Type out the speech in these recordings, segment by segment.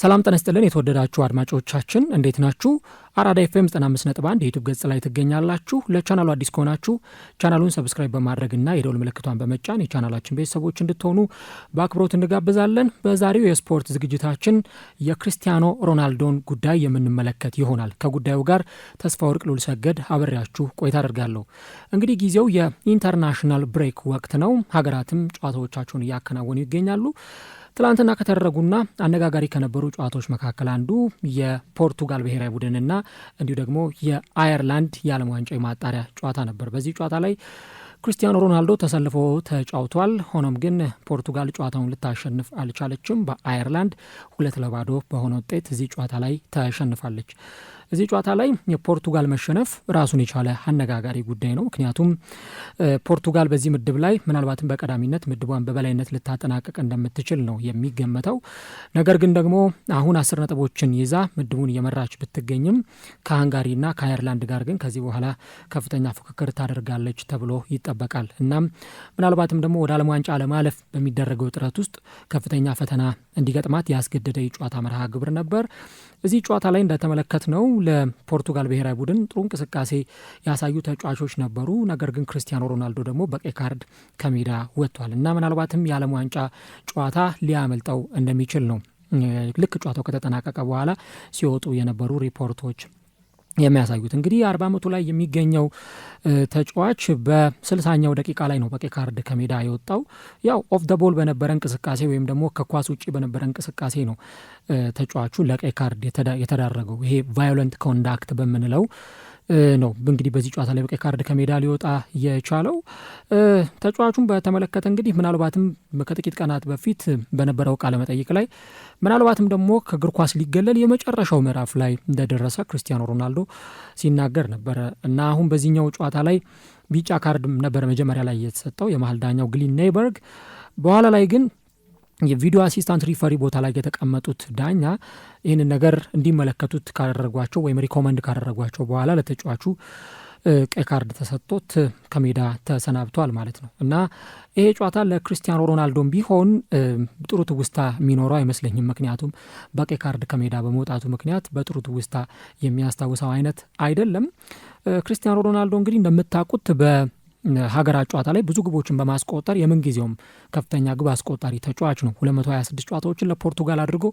ሰላም ጠነስጥልን የተወደዳችሁ አድማጮቻችን እንዴት ናችሁ? አራዳ ኤፍኤም 95.1 የዩቱብ ገጽ ላይ ትገኛላችሁ። ለቻናሉ አዲስ ከሆናችሁ ቻናሉን ሰብስክራይብ በማድረግና የደውል ምልክቷን በመጫን የቻናላችን ቤተሰቦች እንድትሆኑ በአክብሮት እንጋብዛለን። በዛሬው የስፖርት ዝግጅታችን የክርስቲያኖ ሮናልዶን ጉዳይ የምንመለከት ይሆናል። ከጉዳዩ ጋር ተስፋ ወርቅ ሉል ሰገድ አብሬያችሁ ቆይታ አደርጋለሁ። እንግዲህ ጊዜው የኢንተርናሽናል ብሬክ ወቅት ነው። ሀገራትም ጨዋታዎቻቸውን እያከናወኑ ይገኛሉ። ትላንትና ከተደረጉና አነጋጋሪ ከነበሩ ጨዋታዎች መካከል አንዱ የፖርቱጋል ብሔራዊ ቡድንና እንዲሁ ደግሞ የአየርላንድ የዓለም ዋንጫ የማጣሪያ ጨዋታ ነበር። በዚህ ጨዋታ ላይ ክርስቲያኖ ሮናልዶ ተሰልፎ ተጫውቷል። ሆኖም ግን ፖርቱጋል ጨዋታውን ልታሸንፍ አልቻለችም። በአየርላንድ ሁለት ለባዶ በሆነ ውጤት እዚህ ጨዋታ ላይ ተሸንፋለች። እዚህ ጨዋታ ላይ የፖርቱጋል መሸነፍ ራሱን የቻለ አነጋጋሪ ጉዳይ ነው። ምክንያቱም ፖርቱጋል በዚህ ምድብ ላይ ምናልባትም በቀዳሚነት ምድቧን በበላይነት ልታጠናቀቅ እንደምትችል ነው የሚገመተው። ነገር ግን ደግሞ አሁን አስር ነጥቦችን ይዛ ምድቡን እየመራች ብትገኝም ከሃንጋሪና ከአየርላንድ ጋር ግን ከዚህ በኋላ ከፍተኛ ፉክክር ታደርጋለች ተብሎ ይጠበቃል። እናም ምናልባትም ደግሞ ወደ ዓለም ዋንጫ ለማለፍ በሚደረገው ጥረት ውስጥ ከፍተኛ ፈተና እንዲገጥማት ያስገደደ የጨዋታ መርሃ ግብር ነበር። በዚህ ጨዋታ ላይ እንደተመለከት ነው ለፖርቱጋል ብሔራዊ ቡድን ጥሩ እንቅስቃሴ ያሳዩ ተጫዋቾች ነበሩ። ነገር ግን ክርስቲያኖ ሮናልዶ ደግሞ በቀይ ካርድ ከሜዳ ወጥቷል እና ምናልባትም የዓለም ዋንጫ ጨዋታ ሊያመልጠው እንደሚችል ነው ልክ ጨዋታው ከተጠናቀቀ በኋላ ሲወጡ የነበሩ ሪፖርቶች የሚያሳዩት እንግዲህ አርባ ዓመቱ ላይ የሚገኘው ተጫዋች በስልሳኛው ደቂቃ ላይ ነው በቀይ ካርድ ከሜዳ የወጣው። ያው ኦፍ ደ ቦል በነበረ እንቅስቃሴ ወይም ደግሞ ከኳስ ውጭ በነበረ እንቅስቃሴ ነው ተጫዋቹ ለቀይ ካርድ የተዳረገው። ይሄ ቫዮለንት ኮንዳክት በምንለው ነው እንግዲህ በዚህ ጨዋታ ላይ በቀይ ካርድ ከሜዳ ሊወጣ የቻለው። ተጫዋቹን በተመለከተ እንግዲህ ምናልባትም ከጥቂት ቀናት በፊት በነበረው ቃለ መጠይቅ ላይ ምናልባትም ደግሞ ከእግር ኳስ ሊገለል የመጨረሻው ምዕራፍ ላይ እንደደረሰ ክርስቲያኖ ሮናልዶ ሲናገር ነበረ እና አሁን በዚህኛው ጨዋታ ላይ ቢጫ ካርድ ነበረ መጀመሪያ ላይ የተሰጠው የመሀል ዳኛው ግሊን ኔይበርግ በኋላ ላይ ግን የቪዲዮ አሲስታንት ሪፈሪ ቦታ ላይ የተቀመጡት ዳኛ ይህንን ነገር እንዲመለከቱት ካደረጓቸው ወይም ሪኮመንድ ካደረጓቸው በኋላ ለተጫዋቹ ቀይ ካርድ ተሰጥቶት ከሜዳ ተሰናብቷል ማለት ነው እና ይሄ ጨዋታ ለክርስቲያኖ ሮናልዶም ቢሆን ጥሩ ትውስታ የሚኖረው አይመስለኝም። ምክንያቱም በቀይ ካርድ ከሜዳ በመውጣቱ ምክንያት በጥሩ ትውስታ የሚያስታውሰው አይነት አይደለም። ክርስቲያኖ ሮናልዶ እንግዲህ እንደምታውቁት በ ሀገራት ጨዋታ ላይ ብዙ ግቦችን በማስቆጠር የምንጊዜውም ከፍተኛ ግብ አስቆጣሪ ተጫዋች ነው። 226 ጨዋታዎችን ለፖርቱጋል አድርጎ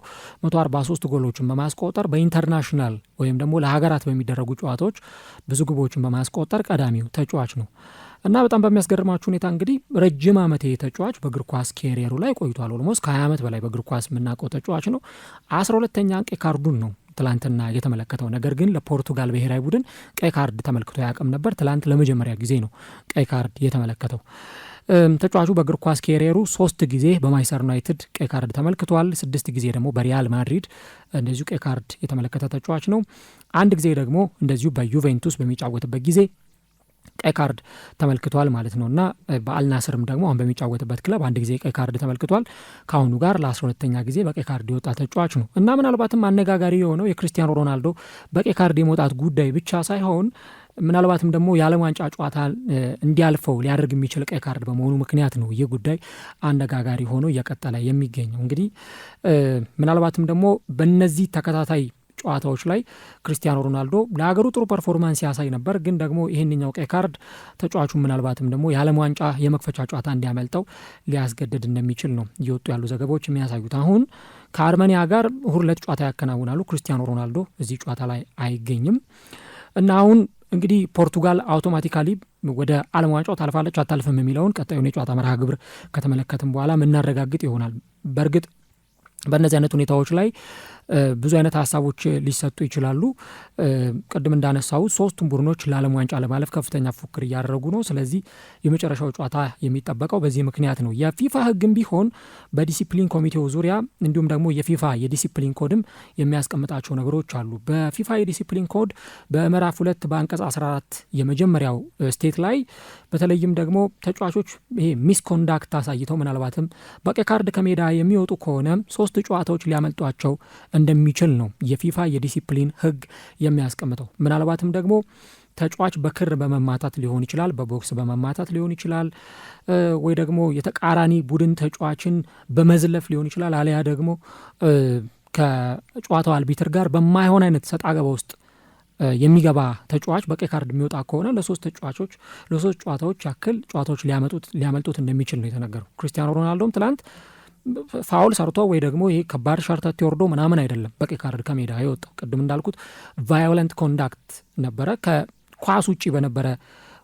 143 ጎሎችን በማስቆጠር በኢንተርናሽናል ወይም ደግሞ ለሀገራት በሚደረጉ ጨዋታዎች ብዙ ግቦችን በማስቆጠር ቀዳሚው ተጫዋች ነው እና በጣም በሚያስገርማችሁ ሁኔታ እንግዲህ ረጅም ዓመት ተጫዋች በእግር ኳስ ኬሪየሩ ላይ ቆይቷል። ኦልሞስ ከ20 ዓመት በላይ በእግር ኳስ የምናውቀው ተጫዋች ነው። 12ተኛ ቀይ ካርዱን ነው ትላንትና የተመለከተው። ነገር ግን ለፖርቱጋል ብሔራዊ ቡድን ቀይ ካርድ ተመልክቶ ያቅም ነበር። ትላንት ለመጀመሪያ ጊዜ ነው ቀይ ካርድ የተመለከተው። ተጫዋቹ በእግር ኳስ ኬሪየሩ ሶስት ጊዜ በማንችስተር ዩናይትድ ቀይ ካርድ ተመልክቷል። ስድስት ጊዜ ደግሞ በሪያል ማድሪድ እንደዚሁ ቀይ ካርድ የተመለከተ ተጫዋች ነው። አንድ ጊዜ ደግሞ እንደዚሁ በዩቬንቱስ በሚጫወትበት ጊዜ ቀይ ካርድ ተመልክቷል ማለት ነው እና በአልናስርም ደግሞ አሁን በሚጫወትበት ክለብ አንድ ጊዜ ቀይ ካርድ ተመልክቷል። ከአሁኑ ጋር ለአስራ ሁለተኛ ጊዜ በቀይ ካርድ የወጣ ተጫዋች ነው እና ምናልባትም አነጋጋሪ የሆነው የክርስቲያኖ ሮናልዶ በቀይ ካርድ የመውጣት ጉዳይ ብቻ ሳይሆን ምናልባትም ደግሞ የዓለም ዋንጫ ጨዋታ እንዲያልፈው ሊያደርግ የሚችል ቀይ ካርድ በመሆኑ ምክንያት ነው ይህ ጉዳይ አነጋጋሪ ሆኖ እየቀጠለ የሚገኘው። እንግዲህ ምናልባትም ደግሞ በእነዚህ ተከታታይ ጨዋታዎች ላይ ክርስቲያኖ ሮናልዶ ለሀገሩ ጥሩ ፐርፎርማንስ ያሳይ ነበር። ግን ደግሞ ይህንኛው ቀይ ካርድ ተጫዋቹ ምናልባትም ደግሞ የዓለም ዋንጫ የመክፈቻ ጨዋታ እንዲያመልጠው ሊያስገድድ እንደሚችል ነው እየወጡ ያሉ ዘገባዎች የሚያሳዩት። አሁን ከአርመኒያ ጋር እሁድ ዕለት ጨዋታ ያከናውናሉ። ክርስቲያኖ ሮናልዶ እዚህ ጨዋታ ላይ አይገኝም እና አሁን እንግዲህ ፖርቱጋል አውቶማቲካሊ ወደ ዓለም ዋንጫው ታልፋለች አታልፍም የሚለውን ቀጣዩን የጨዋታ መርሃ ግብር ከተመለከትም በኋላ የምናረጋግጥ ይሆናል። በእርግጥ በእነዚህ አይነት ሁኔታዎች ላይ ብዙ አይነት ሀሳቦች ሊሰጡ ይችላሉ። ቅድም እንዳነሳሁት ሶስቱም ቡድኖች ለዓለም ዋንጫ ለማለፍ ከፍተኛ ፉክክር እያደረጉ ነው። ስለዚህ የመጨረሻው ጨዋታ የሚጠበቀው በዚህ ምክንያት ነው። የፊፋ ሕግም ቢሆን በዲሲፕሊን ኮሚቴው ዙሪያ እንዲሁም ደግሞ የፊፋ የዲሲፕሊን ኮድም የሚያስቀምጣቸው ነገሮች አሉ። በፊፋ የዲሲፕሊን ኮድ በምዕራፍ ሁለት በአንቀጽ 14 የመጀመሪያው ስቴት ላይ በተለይም ደግሞ ተጫዋቾች ይሄ ሚስኮንዳክት አሳይተው ምናልባትም በቀይ ካርድ ከሜዳ የሚወጡ ከሆነ ሶስት ጨዋታዎች ሊያመልጧቸው እንደሚችል ነው የፊፋ የዲሲፕሊን ህግ የሚያስቀምጠው። ምናልባትም ደግሞ ተጫዋች በክር በመማታት ሊሆን ይችላል፣ በቦክስ በመማታት ሊሆን ይችላል፣ ወይ ደግሞ የተቃራኒ ቡድን ተጫዋችን በመዝለፍ ሊሆን ይችላል። አሊያ ደግሞ ከጨዋታው አልቢትር ጋር በማይሆን አይነት ሰጣ ገባ ውስጥ የሚገባ ተጫዋች በቀይ ካርድ የሚወጣ ከሆነ ለሶስት ተጫዋቾች ለሶስት ጨዋታዎች ያክል ጨዋታዎች ሊያመጡት ሊያመልጡት እንደሚችል ነው የተነገረው። ክርስቲያኖ ሮናልዶም ትላንት ፋውል ሰርቶ ወይ ደግሞ ይሄ ከባድ ሸርተት ወርዶ ምናምን አይደለም፣ በቀይ ካርድ ከሜዳ የወጣው ቅድም እንዳልኩት ቫዮለንት ኮንዳክት ነበረ። ከኳስ ውጭ በነበረ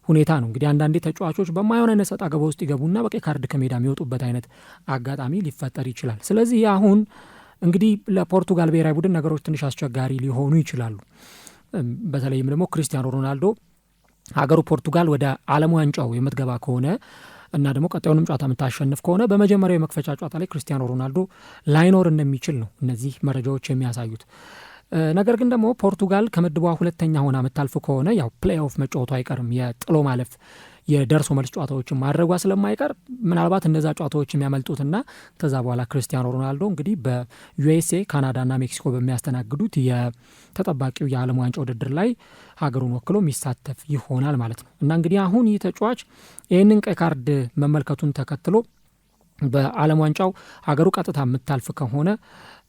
ሁኔታ ነው። እንግዲህ አንዳንዴ ተጫዋቾች በማይሆን አይነት አገባ ውስጥ ይገቡና በቀይ ካርድ ከሜዳ የሚወጡበት አይነት አጋጣሚ ሊፈጠር ይችላል። ስለዚህ አሁን እንግዲህ ለፖርቱጋል ብሔራዊ ቡድን ነገሮች ትንሽ አስቸጋሪ ሊሆኑ ይችላሉ። በተለይም ደግሞ ክሪስቲያኖ ሮናልዶ ሀገሩ ፖርቱጋል ወደ አለም ዋንጫው የምትገባ ከሆነ እና ደግሞ ቀጣዩንም ጨዋታ የምታሸንፍ ከሆነ በመጀመሪያው የመክፈቻ ጨዋታ ላይ ክርስቲያኖ ሮናልዶ ላይኖር እንደሚችል ነው እነዚህ መረጃዎች የሚያሳዩት። ነገር ግን ደግሞ ፖርቱጋል ከምድቧ ሁለተኛ ሆና የምታልፍ ከሆነ ያው ፕሌይኦፍ መጫወቱ አይቀርም የጥሎ ማለፍ የደርሶ መልስ ጨዋታዎችን ማድረጓ ስለማይቀር ምናልባት እነዛ ጨዋታዎች የሚያመልጡትና ከዛ በኋላ ክርስቲያኖ ሮናልዶ እንግዲህ በዩኤስኤ ካናዳና ሜክሲኮ በሚያስተናግዱት የተጠባቂው የዓለም ዋንጫ ውድድር ላይ ሀገሩን ወክሎ የሚሳተፍ ይሆናል ማለት ነው እና እንግዲህ አሁን ይህ ተጫዋች ይህንን ቀይ ካርድ መመልከቱን ተከትሎ በዓለም ዋንጫው ሀገሩ ቀጥታ የምታልፍ ከሆነ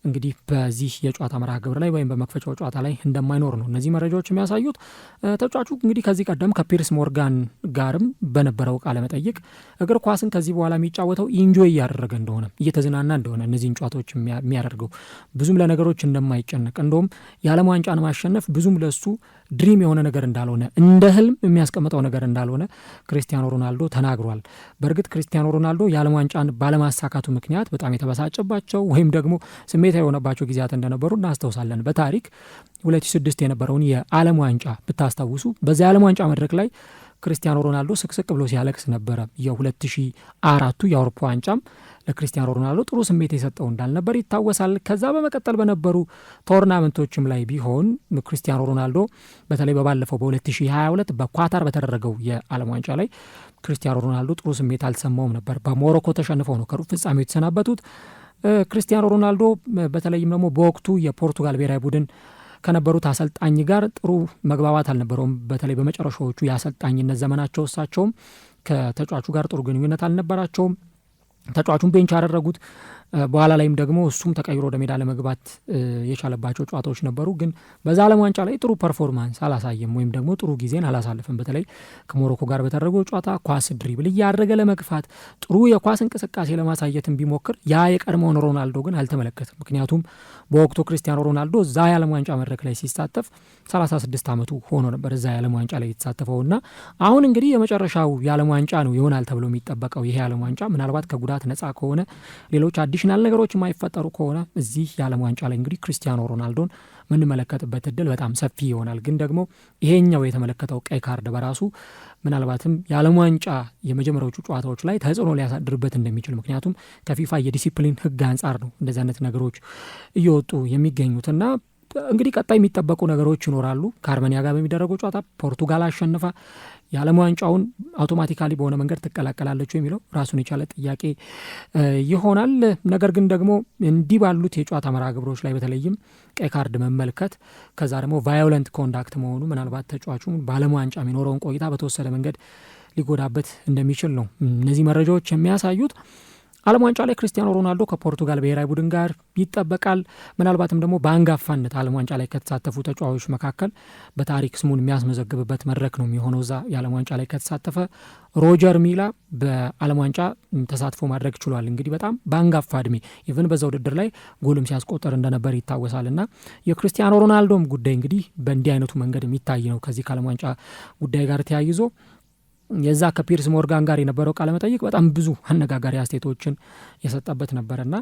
እንግዲህ በዚህ የጨዋታ መርሃ ግብር ላይ ወይም በመክፈጫው ጨዋታ ላይ እንደማይኖር ነው እነዚህ መረጃዎች የሚያሳዩት። ተጫዋቹ እንግዲህ ከዚህ ቀደም ከፒርስ ሞርጋን ጋርም በነበረው ቃለ መጠይቅ እግር ኳስን ከዚህ በኋላ የሚጫወተው ኢንጆይ እያደረገ እንደሆነ እየተዝናና እንደሆነ እነዚህን ጨዋታዎች የሚያደርገው ብዙም ለነገሮች እንደማይጨነቅ እንደውም የዓለም ዋንጫን ማሸነፍ ብዙም ለሱ ድሪም የሆነ ነገር እንዳልሆነ እንደ ህልም የሚያስቀምጠው ነገር እንዳልሆነ ክሪስቲያኖ ሮናልዶ ተናግሯል። በእርግጥ ክሪስቲያኖ ሮናልዶ የዓለም ዋንጫን ባለማሳካቱ ምክንያት በጣም የተበሳጨባቸው ወይም ደግሞ ስሜት ቅሬታ የሆነባቸው ጊዜያት እንደነበሩ እናስታውሳለን። በታሪክ 2006 የነበረውን የዓለም ዋንጫ ብታስታውሱ በዚያ የዓለም ዋንጫ መድረክ ላይ ክርስቲያኖ ሮናልዶ ስቅስቅ ብሎ ሲያለቅስ ነበረ። የ2004ቱ የአውሮፓ ዋንጫም ለክርስቲያኖ ሮናልዶ ጥሩ ስሜት የሰጠው እንዳልነበር ይታወሳል። ከዛ በመቀጠል በነበሩ ቶርናመንቶችም ላይ ቢሆን ክርስቲያኖ ሮናልዶ በተለይ በባለፈው በ2022 በኳታር በተደረገው የዓለም ዋንጫ ላይ ክርስቲያኖ ሮናልዶ ጥሩ ስሜት አልሰማውም ነበር። በሞሮኮ ተሸንፈው ነው ከሩብ ፍጻሜው የተሰናበቱት። ክርስቲያኖ ሮናልዶ በተለይም ደግሞ በወቅቱ የፖርቱጋል ብሔራዊ ቡድን ከነበሩት አሰልጣኝ ጋር ጥሩ መግባባት አልነበረውም። በተለይ በመጨረሻዎቹ የአሰልጣኝነት ዘመናቸው እሳቸውም ከተጫዋቹ ጋር ጥሩ ግንኙነት አልነበራቸውም። ተጫዋቹን ቤንች ያደረጉት በኋላ ላይም ደግሞ እሱም ተቀይሮ ወደ ሜዳ ለመግባት የቻለባቸው ጨዋታዎች ነበሩ። ግን በዛ ዓለም ዋንጫ ላይ ጥሩ ፐርፎርማንስ አላሳየም ወይም ደግሞ ጥሩ ጊዜን አላሳልፍም። በተለይ ከሞሮኮ ጋር በተደረገው ጨዋታ ኳስ ድሪብል እያደረገ ለመግፋት ጥሩ የኳስ እንቅስቃሴ ለማሳየትን ቢሞክር ያ የቀድሞውን ሮናልዶ ግን አልተመለከትም። ምክንያቱም በወቅቱ ክርስቲያኖ ሮናልዶ እዛ የዓለም ዋንጫ መድረክ ላይ ሲሳተፍ 36 ዓመቱ ሆኖ ነበር እዛ የዓለም ዋንጫ ላይ የተሳተፈው እና አሁን እንግዲህ የመጨረሻው የዓለም ዋንጫ ነው ይሆናል ተብሎ የሚጠበቀው ይሄ የዓለም ዋንጫ ምናልባት ከጉዳት ነጻ ከሆነ ሌሎች አዲስ ሴንሴሽናል ነገሮች የማይፈጠሩ ከሆነ እዚህ የዓለም ዋንጫ ላይ እንግዲህ ክርስቲያኖ ሮናልዶን የምንመለከትበት እድል በጣም ሰፊ ይሆናል። ግን ደግሞ ይሄኛው የተመለከተው ቀይ ካርድ በራሱ ምናልባትም የዓለም ዋንጫ የመጀመሪያዎቹ ጨዋታዎች ላይ ተጽዕኖ ሊያሳድርበት እንደሚችል ምክንያቱም ከፊፋ የዲሲፕሊን ሕግ አንጻር ነው እንደዚህ አይነት ነገሮች እየወጡ የሚገኙትና እንግዲህ ቀጣይ የሚጠበቁ ነገሮች ይኖራሉ። ከአርመኒያ ጋር በሚደረገው ጨዋታ ፖርቱጋል አሸንፋ የዓለም ዋንጫውን አውቶማቲካሊ በሆነ መንገድ ትቀላቀላለች የሚለው ራሱን የቻለ ጥያቄ ይሆናል። ነገር ግን ደግሞ እንዲህ ባሉት የጨዋታ መርሃ ግብሮች ላይ በተለይም ቀይ ካርድ መመልከት ከዛ ደግሞ ቫዮለንት ኮንዳክት መሆኑ ምናልባት ተጫዋቹ በዓለም ዋንጫ የሚኖረውን ቆይታ በተወሰነ መንገድ ሊጎዳበት እንደሚችል ነው እነዚህ መረጃዎች የሚያሳዩት። ዓለም ዋንጫ ላይ ክርስቲያኖ ሮናልዶ ከፖርቱጋል ብሔራዊ ቡድን ጋር ይጠበቃል። ምናልባትም ደግሞ በአንጋፋነት ዓለም ዋንጫ ላይ ከተሳተፉ ተጫዋቾች መካከል በታሪክ ስሙን የሚያስመዘግብበት መድረክ ነው የሚሆነው እዛ የዓለም ዋንጫ ላይ ከተሳተፈ። ሮጀር ሚላ በዓለም ዋንጫ ተሳትፎ ማድረግ ችሏል። እንግዲህ በጣም በአንጋፋ እድሜ ኢቨን በዛ ውድድር ላይ ጎልም ሲያስቆጠር እንደነበር ይታወሳል። እና የክርስቲያኖ ሮናልዶም ጉዳይ እንግዲህ በእንዲህ አይነቱ መንገድ የሚታይ ነው ከዚህ ከዓለም ዋንጫ ጉዳይ ጋር ተያይዞ የዛ ከፒርስ ሞርጋን ጋር የነበረው ቃለመጠይቅ በጣም ብዙ አነጋጋሪ አስተያየቶችን የሰጠበት ነበረና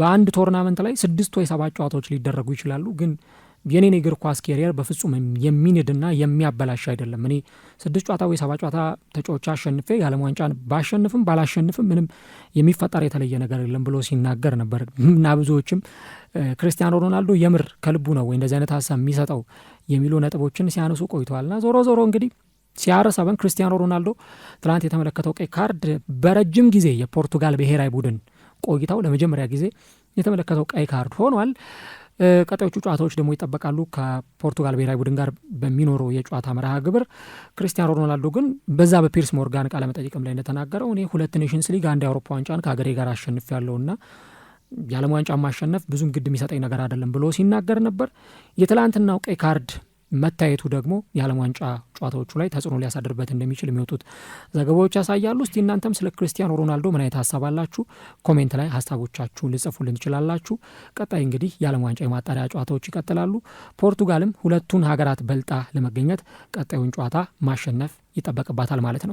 በአንድ ቶርናመንት ላይ ስድስት ወይ ሰባት ጨዋታዎች ሊደረጉ ይችላሉ ግን የኔን እግር ኳስ ኬሪየር በፍጹም የሚንድና የሚያበላሽ አይደለም። እኔ ስድስት ጨዋታ ወይ ሰባት ጨዋታ ተጫዎች አሸንፌ የዓለም ዋንጫን ባሸንፍም ባላሸንፍም ምንም የሚፈጠር የተለየ ነገር የለም ብሎ ሲናገር ነበር እና ብዙዎችም ክርስቲያኖ ሮናልዶ የምር ከልቡ ነው ወይ እንደዚህ አይነት ሀሳብ የሚሰጠው የሚሉ ነጥቦችን ሲያነሱ ቆይተዋልና ዞሮ ዞሮ እንግዲህ ሲአርስ አበን ክርስቲያኖ ሮናልዶ ትላንት የተመለከተው ቀይ ካርድ በረጅም ጊዜ የፖርቱጋል ብሔራዊ ቡድን ቆይታው ለመጀመሪያ ጊዜ የተመለከተው ቀይ ካርድ ሆኗል። ቀጣዮቹ ጨዋታዎች ደግሞ ይጠበቃሉ። ከፖርቱጋል ብሔራዊ ቡድን ጋር በሚኖረው የጨዋታ መርሃ ግብር ክርስቲያኖ ሮናልዶ ግን በዛ በፒርስ ሞርጋን መጠይቅም ላይ እንደተናገረው እኔ ሁለት ኔሽንስ ሊግ አንድ የአውሮፓ ዋንጫን ከሀገሬ ጋር አሸንፍ ያለውና የዓለም ዋንጫ ማሸነፍ ብዙም ግድ የሚሰጠኝ ነገር አይደለም ብሎ ሲናገር ነበር። የትላንትናው ቀይ ካርድ መታየቱ ደግሞ የዓለም ዋንጫ ጨዋታዎቹ ላይ ተጽዕኖ ሊያሳድርበት እንደሚችል የሚወጡት ዘገባዎች ያሳያሉ። እስቲ እናንተም ስለ ክርስቲያኖ ሮናልዶ ምን አይነት ሀሳብ አላችሁ? ኮሜንት ላይ ሀሳቦቻችሁን ልጽፉልን ትችላላችሁ። ቀጣይ እንግዲህ የዓለም ዋንጫ የማጣሪያ ጨዋታዎች ይቀጥላሉ። ፖርቱጋልም ሁለቱን ሀገራት በልጣ ለመገኘት ቀጣዩን ጨዋታ ማሸነፍ ይጠበቅባታል ማለት ነው።